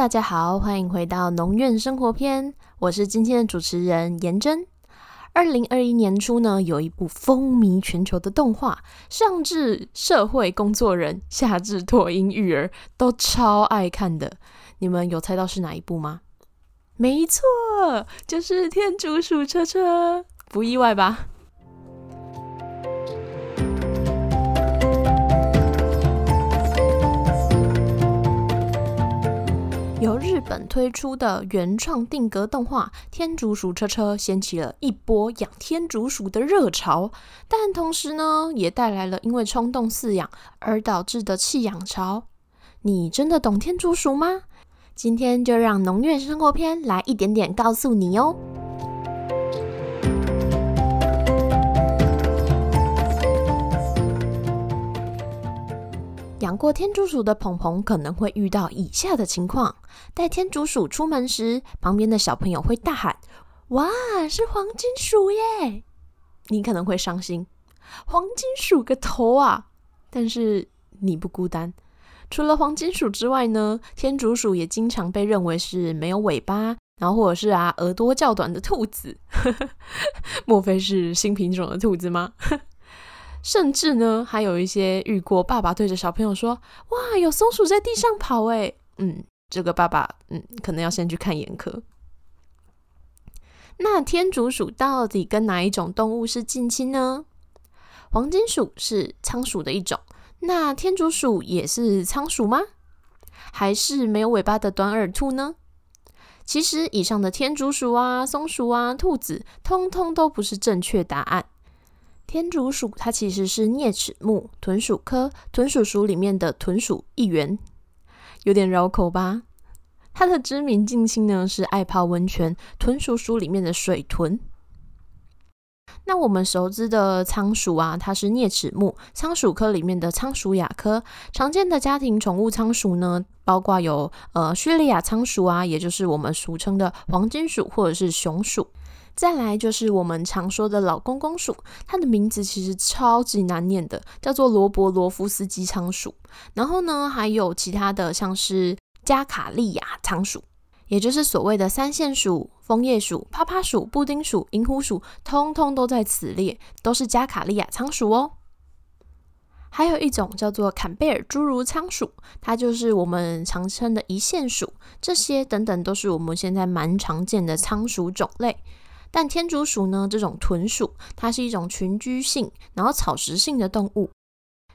大家好，歡迎回到農院生活篇，我是今天的主持人顏真。二零二一年初呢，有一部風靡全球的動畫，上至社會工作人，下至托嬰育兒都超愛看的，你們有猜到是哪一部嗎？沒錯，就是天竺鼠車車，不意外吧？日本推出的原創定格動畫《天竺鼠車車》掀起了一波養天竺鼠的熱潮，但同時呢，也帶來了因為衝動飼養而導致的棄養潮。你真的懂天竺鼠嗎？今天就讓《農院生活篇》來一點點告訴你哦。養過天竺鼠的朋朋可能會遇到以下的情況：帶天竺鼠出門時，旁邊的小朋友會大喊“哇，是黃金鼠耶”，你可能會傷心，黃金鼠個頭啊！但是你不孤單，除了黃金鼠之外呢，天竺鼠也經常被認為是沒有尾巴，然後或者是啊耳朵較短的兔子。 莫非是新品種的兔子嗎？ 甚至呢，還有一些遇過爸爸對着小朋友說：“哇，有松鼠在地上跑哎。”嗯，這個爸爸嗯，可能要先去看眼科。那天竺鼠到底跟哪一種動物是近親呢？黃金鼠是倉鼠的一種，那天竺鼠也是倉鼠嗎？還是沒有尾巴的短耳兔呢？其實，以上的天竺鼠啊、松鼠啊、兔子，通通都不是正確答案。天竺鼠，它其實是齧齒目豚鼠科豚鼠屬裡面的豚鼠一員，有點繞口吧？它的知名近親呢，是愛泡溫泉豚鼠屬裡面的水豚。那我們熟知的倉鼠啊，它是齧齒目倉鼠科裡面的倉鼠亞科。常見的家庭寵物倉鼠呢，包括有呃敘利亞倉鼠啊，也就是我們俗稱的黃金鼠或者是熊鼠。再來就是我們常說的老公公鼠，它的名字其實超級難念的，叫做羅伯羅夫斯基倉鼠。然後呢，還有其他的像是加卡利亞倉鼠，也就是所謂的三線鼠、楓葉鼠、趴趴鼠、布丁鼠、銀狐鼠，通通都在此列，都是加卡利亞倉鼠哦。還有一種叫做坎貝爾侏儒倉鼠，它就是我們常稱的一線鼠。這些等等都是我們現在蠻常見的倉鼠種類。但天竺鼠呢？這種豚鼠，它是一種群居性，然後草食性的動物。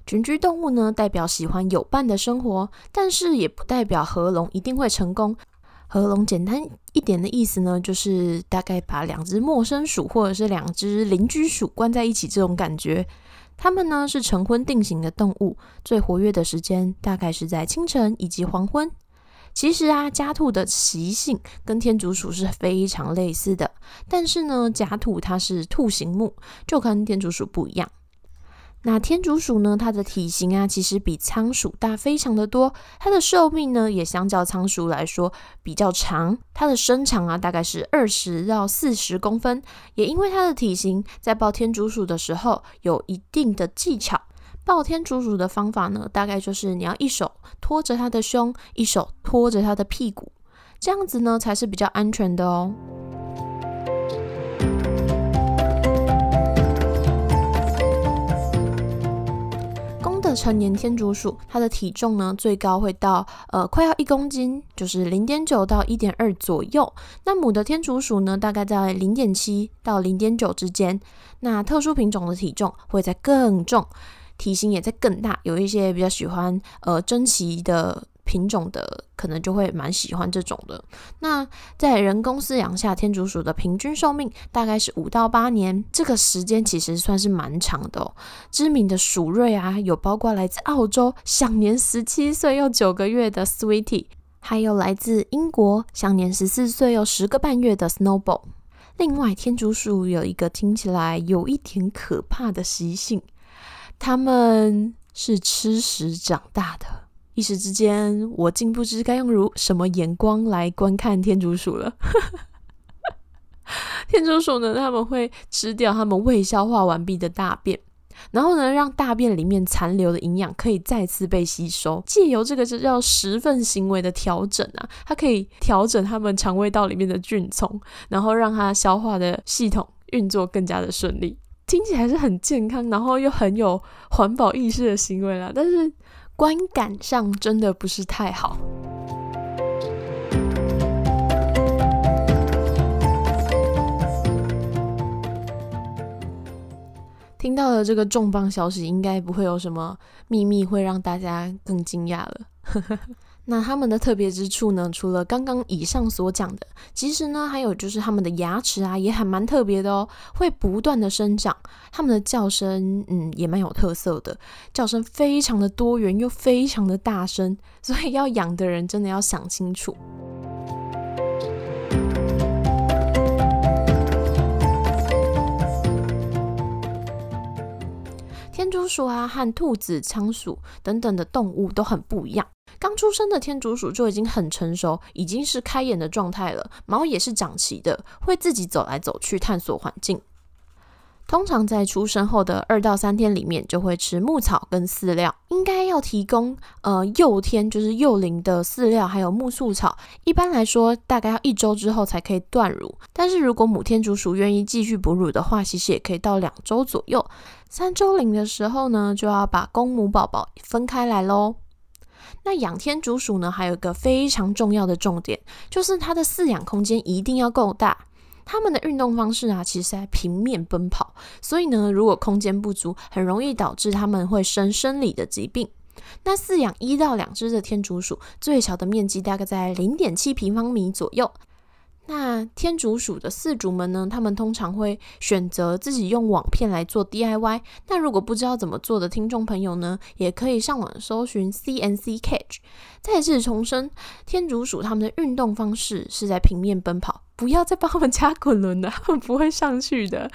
群居動物呢，代表喜歡有伴的生活，但是也不代表合籠一定會成功。合籠簡單一點的意思呢，就是大概把兩隻陌生鼠或者是兩隻鄰居鼠關在一起，這種感覺。它們呢是晨昏定型的動物，最活躍的時間大概是在清晨以及黃昏。其實啊，家兔的習性跟天竺鼠是非常類似的，但是呢，家兔它是兔形目，就跟天竺鼠不一樣。那天竺鼠呢，它的體型啊，其實比倉鼠大非常的多，它的壽命呢，也相較倉鼠來說比較長。它的身長啊，大概是二十到四十公分，也因為它的體型，在抱天竺鼠的時候有一定的技巧。抱天竺鼠的方法呢，大概就是你要一手托着它的胸，一手托着它的屁股，這樣子呢才是比較安全的哦。公的成年天竺鼠，它的體重呢最高會到呃快要一公斤，就是零點九到一點二左右。那母的天竺鼠呢，大概在零點七到零點九之間。那特殊品種的體重會再更重。體型也在更大，有一些比較喜歡呃珍奇的品種的，可能就會蠻喜歡這種的。那在人工飼養下，天竺鼠的平均壽命大概是五到八年，這個時間其實算是蠻長的哦。知名的鼠瑞啊，有包括來自澳洲，享年十七歲又九個月的 Sweetie，還有來自英國，享年十四歲又十個半月的 Snowball。另外，天竺鼠有一個聽起來有一點可怕的習性。他們是吃屎長大的，一時之間我竟不知該用如什麼眼光來觀看天竺鼠了。 天竺鼠呢，他們會吃掉他們未消化完畢的大便，然後呢，讓大便裡面殘留的營養可以再次被吸收。借由這個叫食糞行為的調整啊，它可以調整他們腸胃道裡面的菌叢，然後讓它消化的系統運作更加的順利。聽起來是很健康，然後又很有環保意識的行為啦，但是觀感上真的不是太好。聽到了這個重磅消息，應該不會有什麼秘密會讓大家更驚訝了。 那他們的特別之處呢？除了剛剛以上所講的，其實呢，還有就是他們的牙齒啊，也還蠻特別的哦，會不斷的生長。他們的叫聲，嗯，也蠻有特色的，叫聲非常的多元又非常的大聲，所以要養的人真的要想清楚。天竺鼠啊，和兔子、倉鼠等等的動物都很不一樣。剛出生的天竺鼠就已經很成熟，已經是開眼的狀態了，毛也是長齊的，會自己走來走去探索環境。通常在出生後的二到三天裡面就會吃牧草跟飼料，應該要提供呃幼天就是幼齡的飼料還有苜蓿草。一般來說大概要一周之後才可以斷乳，但是如果母天竺鼠願意繼續哺乳的話，其實也可以到兩周左右。三周齡的時候呢，就要把公母寶寶分開來嘍。那養天竺鼠呢，還有一個非常重要的重點，就是它的飼養空間一定要夠大。它們的運動方式啊，其實在平面奔跑，所以呢，如果空間不足，很容易導致它們會生生理的疾病。那飼養一到兩隻的天竺鼠，最小的面積大概在零點七平方米左右。那天竺鼠的飼主們呢，他們通常會選擇自己用網片來做 DIY。那如果不知道怎麼做的聽眾朋友呢，也可以上網搜尋 CNC cage。再次重申，天竺鼠它們的運動方式是在平面奔跑，不要再幫它們加滾輪了，它們不會上去的。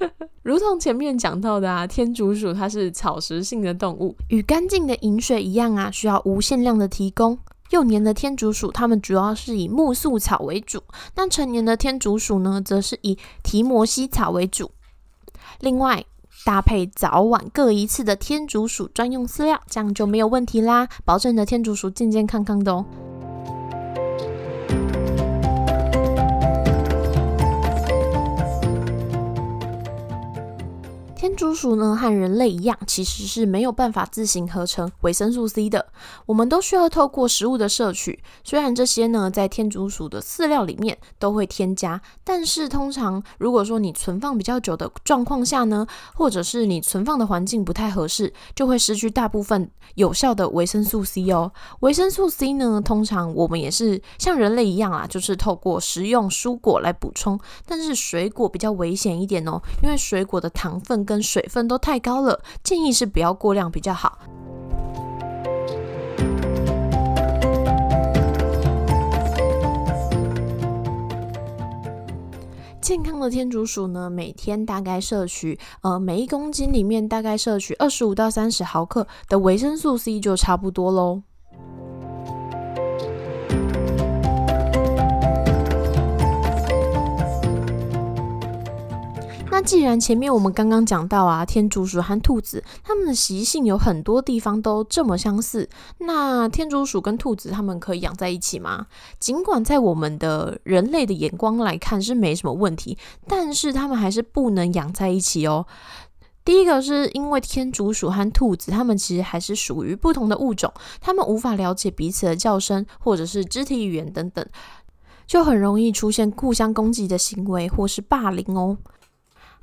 如同前面講到的啊，天竺鼠它是草食性的動物，與乾淨的飲水一樣啊，需要無限量的提供。幼年的天竺鼠，它們主要是以苜蓿草為主；但成年的天竺鼠呢，則是以提摩西草為主。另外，搭配早晚各一次的天竺鼠專用飼料，這樣就沒有問題啦，保證你的天竺鼠健健康康的哦。天竺鼠呢和人類一樣，其實是沒有辦法自行合成維生素 C 的。我們都需要透過食物的攝取。雖然這些呢在天竺鼠的飼料裡面都會添加，但是通常如果說你存放比較久的狀況下呢，或者是你存放的環境不太合適，就會失去大部分有效的維生素 C 哦。維生素 C 呢，通常我們也是像人類一樣啊，就是透過食用蔬果來補充。但是水果比較危險一點哦，因為水果的糖分跟水分都太高了，建議是不要過量比較好。健康的天竺鼠呢，每天大概攝取，呃，每一公斤裡面大概攝取二十五到三十毫克的維生素 C 就差不多嘍。既然前面我們剛剛講到啊，天竺鼠和兔子它們的習性有很多地方都這麼相似，那天竺鼠跟兔子它們可以養在一起嗎？儘管在我們的人類的眼光來看是沒什麼問題，但是它們還是不能養在一起哦。第一個是因為天竺鼠和兔子它們其實還是屬於不同的物種，它們無法了解彼此的叫聲或者是肢體語言等等，就很容易出現互相攻擊的行為或是霸凌哦。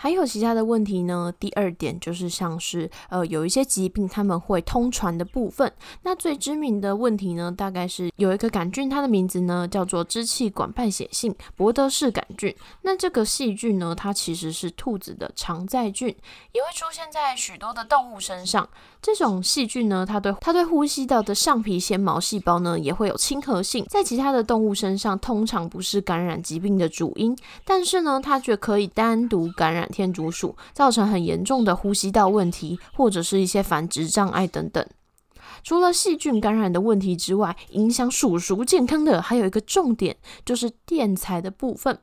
還有其他的問題呢？第二點就是像是，呃，有一些疾病它們會通傳的部分。那最知名的問題呢，大概是有一個桿菌，它的名字呢叫做支氣管敗血性博德氏桿菌。那這個細菌呢，它其實是兔子的常在菌，也會出現在許多的動物身上。這種細菌呢，它對它對呼吸道的上皮纖毛細胞呢也會有親和性，在其他的動物身上通常不是感染疾病的主因，但是呢，它卻可以單獨感染天竺鼠，造成很嚴重的呼吸道問題，或者是一些繁殖障礙等等。除了細菌感染的問題之外，影響鼠鼠健康的還有一個重點，就是墊材的部分。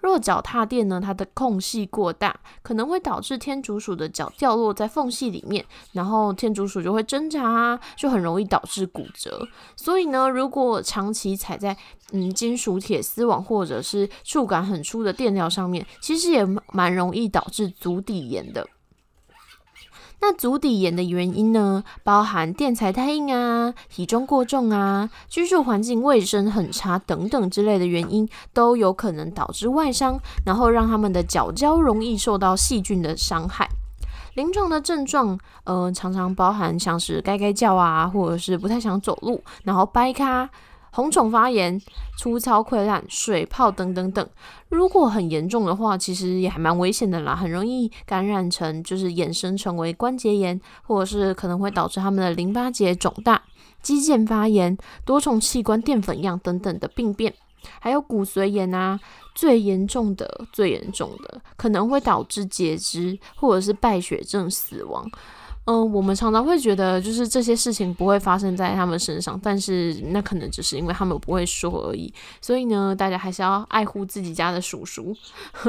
若腳踏墊呢，它的空隙過大，可能會導致天竺鼠的腳掉落在縫隙裡面，然後天竺鼠就會掙扎啊，就很容易導致骨折。所以呢，如果長期踩在嗯金屬鐵絲網或者是觸感很粗的墊料上面，其實也蠻容易導致足底炎的。那足底炎的原因呢，包含墊材太硬啊、體重過重啊、居住環境衛生很差等等之類的原因，都有可能導致外傷，然後讓他們的腳腳容易受到細菌的傷害。臨床的症狀，呃，常常包含像是蓋蓋叫啊，或者是不太想走路，然後掰咖、紅腫發炎、粗糙潰爛、水泡等等等，如果很嚴重的話，其實也還蠻危險的啦，很容易感染成就是衍生成為關節炎，或者是可能會導致他們的淋巴結腫大、肌腱發炎、多重器官澱粉樣等等的病變，還有骨髓炎啊，最嚴重的最嚴重的可能會導致截肢或者是敗血症死亡。嗯、呃，我們常常會覺得，就是這些事情不會發生在他們身上，但是那可能只是因為他們不會說而已。所以呢，大家還是要愛護自己家的鼠鼠。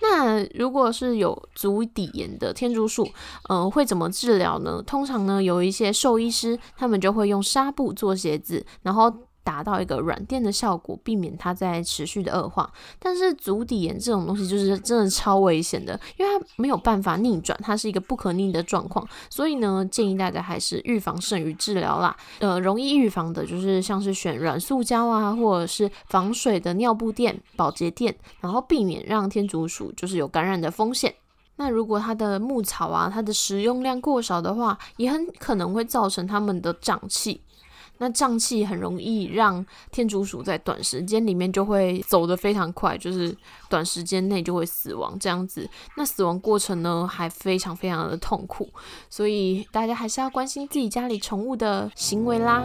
那如果是有足底炎的天竺鼠，嗯、呃，會怎麼治療呢？通常呢，有一些獸醫師，他們就會用紗布做鞋子，然後。達到一個軟墊的效果，避免它再持續的惡化。但是足底炎這種東西就是真的超危險的，因為它沒有辦法逆轉，它是一個不可逆的狀況。所以呢，建議大家還是預防勝於治療啦。呃，容易預防的就是像是選軟塑膠啊，或者是防水的尿布墊、保潔墊，然後避免讓天竺鼠就是有感染的風險。那如果它的牧草啊，它的食用量過少的話，也很可能會造成它們的脹氣。那脹氣很容易讓天竺鼠在短時間裡面就會走得非常快，就是短時間內就會死亡。這樣子，那死亡過程呢，還非常非常的痛苦，所以大家還是要關心自己家裡寵物的行為啦。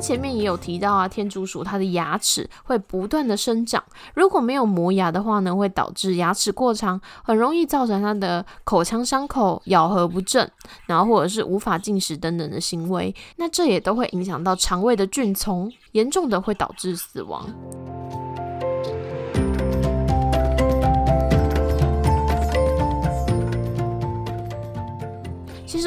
前面也有提到啊，天竺鼠它的牙齒會不斷的生長，如果沒有磨牙的話呢，會導致牙齒過長，很容易造成它的口腔傷口、咬合不正，然後或者是無法進食等等的行為，那這也都會影響到腸胃的菌叢，嚴重的會導致死亡。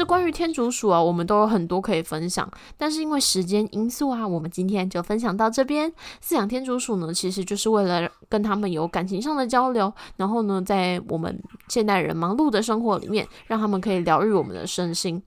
關於天竺鼠啊，我們都有很多可以分享，但是因為時間因素啊，我們今天就分享到這邊。飼養天竺鼠呢，其實就是為了跟他們有感情上的交流，然後呢，在我們現代人忙碌的生活裡面，讓他們可以療癒我們的身心。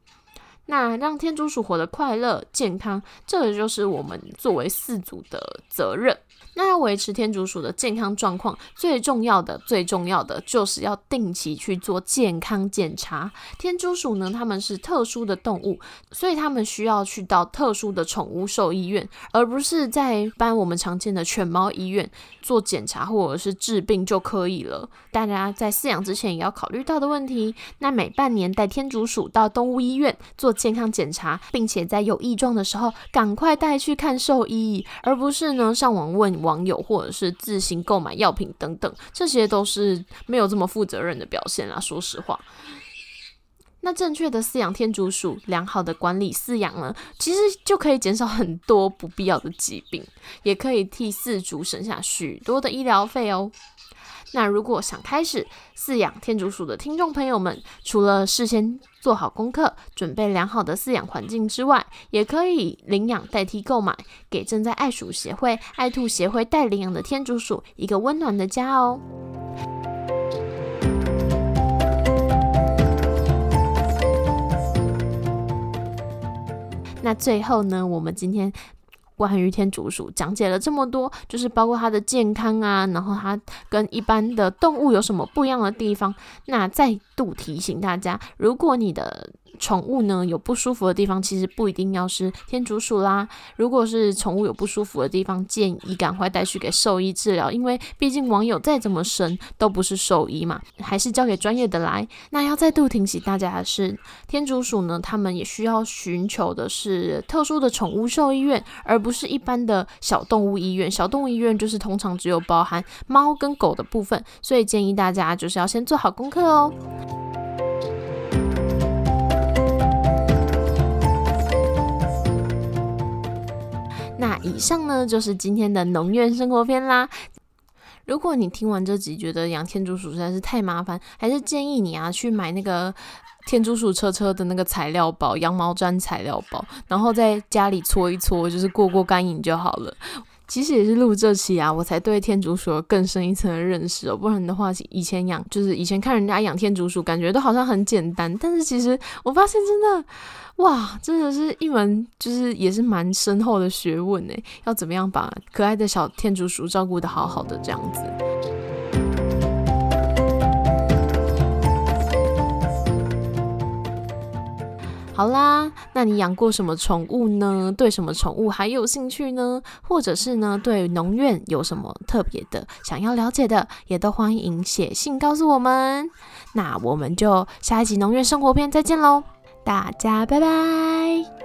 那讓天竺鼠活得快樂、健康，這個就是我們作為飼主的責任。那要維持天竺鼠的健康狀況，最重要的、最重要的就是要定期去做健康檢查。天竺鼠呢，它們是特殊的動物，所以它們需要去到特殊的寵物獸醫院，而不是在一般我們常見的犬貓醫院做檢查或者是治病就可以了。大家在飼養之前也要考慮到的問題。那每半年帶天竺鼠到動物醫院做健康檢查，並且在有異狀的時候趕快帶去看獸醫，而不是呢上網問。網友或者是自行購買藥品等等，這些都是沒有這麼負責任的表現啦。說實話，那正確的飼養天竺鼠，良好的管理飼養呢，其實就可以減少很多不必要的疾病，也可以替飼主省下許多的醫療費哦。那如果想開始飼養天竺鼠的聽眾朋友們，除了事先做好功課、準備良好的飼養環境之外，也可以領養代替購買，給正在愛鼠協會、愛兔協會待領養的天竺鼠一個溫暖的家哦。那最後呢，我們今天。關於天竺鼠，講解了這麼多，就是包括它的健康啊，然後它跟一般的動物有什麼不一樣的地方。那再度提醒大家，如果你的寵物呢，有不舒服的地方，其實不一定要是天竺鼠啦。如果是寵物有不舒服的地方，建議趕快帶去給獸醫治療，因為畢竟網友再怎麼神都不是獸醫嘛，還是交給專業的來。那要再度提醒大家的是，天竺鼠呢，他們也需要尋求的是特殊的寵物獸醫院，而不是一般的小動物醫院。小動物醫院就是通常只有包含貓跟狗的部分，所以建議大家就是要先做好功課哦、喔。以上呢，就是今天的農院生活篇啦。如果你聽完這集覺得養天竺鼠實在是太麻煩，還是建議你啊去買那個天竺鼠車車的那個材料包，羊毛氈材，材料包，然後在家裡搓一搓，就是過過乾癮就好了。其實也是錄這期啊，我才對天竺鼠有更深一層的認識哦。不然的話，以前養就是以前看人家養天竺鼠，感覺都好像很簡單。但是其實我發現真的，哇，真的是一門就是也是蠻深厚的學問誒。要怎麼樣把可愛的小天竺鼠照顧得好好的這樣子？好啦，那你養過什麼寵物呢？對什麼寵物還有興趣呢？或者是呢，對農院有什麼特別的想要了解的，也都歡迎寫信告訴我們。那我們就下一集農院生活篇再見嘍，大家拜拜。